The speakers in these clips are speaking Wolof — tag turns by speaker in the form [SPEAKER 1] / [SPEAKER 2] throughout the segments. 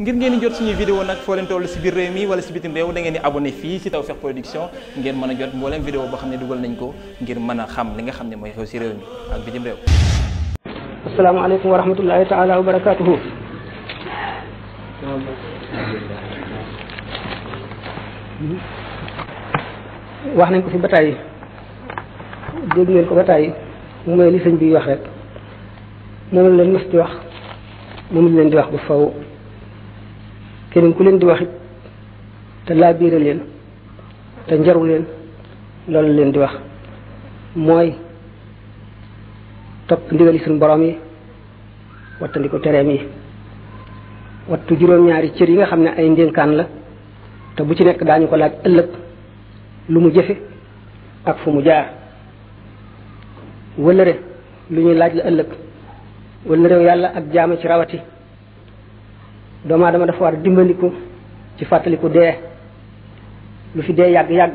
[SPEAKER 1] ngir ngeen di jot suñuy vidéo nag foo leen toll si biir réew mi wala si bitim réew da ngeen di abonné fii si Tawfekh Production ngeen mën a jot mbooleem vidéo boo xam ne dugal nañ ko ngir mën a xam li nga xam ne mooy xew si réew mi ak bitim réew
[SPEAKER 2] nañ ko fi bataay yi ko bataay yi li sëñ bi wax rek moom leen mas di wax moom leen di wax ba faw keneen ku leen di waxit te laabiire leen te njaru leen loolu leen di wax mooy topp ndigali suñu borom yi wattandiku ko tereem yi wattu juróom-ñaari cër yi nga xam ne ay ndénkaan la te bu ci nekk daañu ko laaj ëllëg lu mu jëfe ak fu mu jaar wëllëre lu ñuy laaj la ëllëg wëllërew yàlla ak jaama ci rawati doomu aadama dafa war a dimbandiku ci fàttaliku dee lu fi dee yàgg-yàgg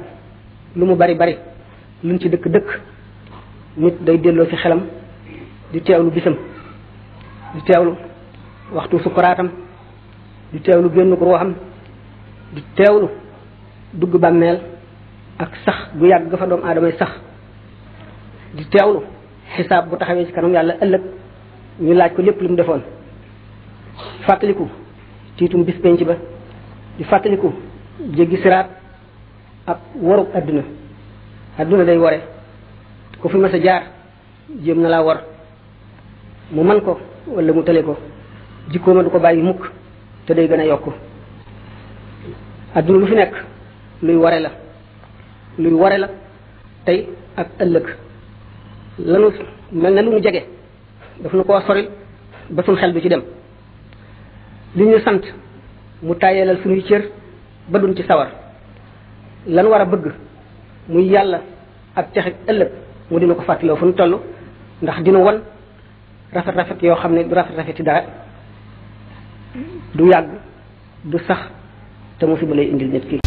[SPEAKER 2] lu mu bari bari luñ ci dëkk dëkk nit day delloo ci xelam di teewlu bisam di teewlu waxtu sukkuraatam di teewlu génn ko ruuxam di teewlu dugg bàmmeel ak sax gu yàgg ga fa doomu aadamay sax di teewlu xisaab bu taxawee ci kanam yàlla ëllëg ñu laaj ko lépp lu mu defoon fàttaliku tiitum bis penc ba di fàttaliku jéggi siraat ak waru adduna adduna day ware ku fi mas a jaar jéem na laa war mu man ko wala mu tële ko jikkooma du ko bàyyi mukk te day gën a yokk adduna lu fi nekk luy ware la luy ware la tey ak ëllëg lanu mel na lu ñu jege daf nu koo soril ba suñ xel du ci dem li ñu sant mu tàyyelal suñuy cër ba duñ ci sawar lan war a bëgg muy yàlla ak texeg ëllëg mu dina ko fàttaloo fu ñu toll ndax dina won rafet rafet yoo xam ne du rafet rafet ci dara du yàgg du sax te mu fi ba lay indil nit kii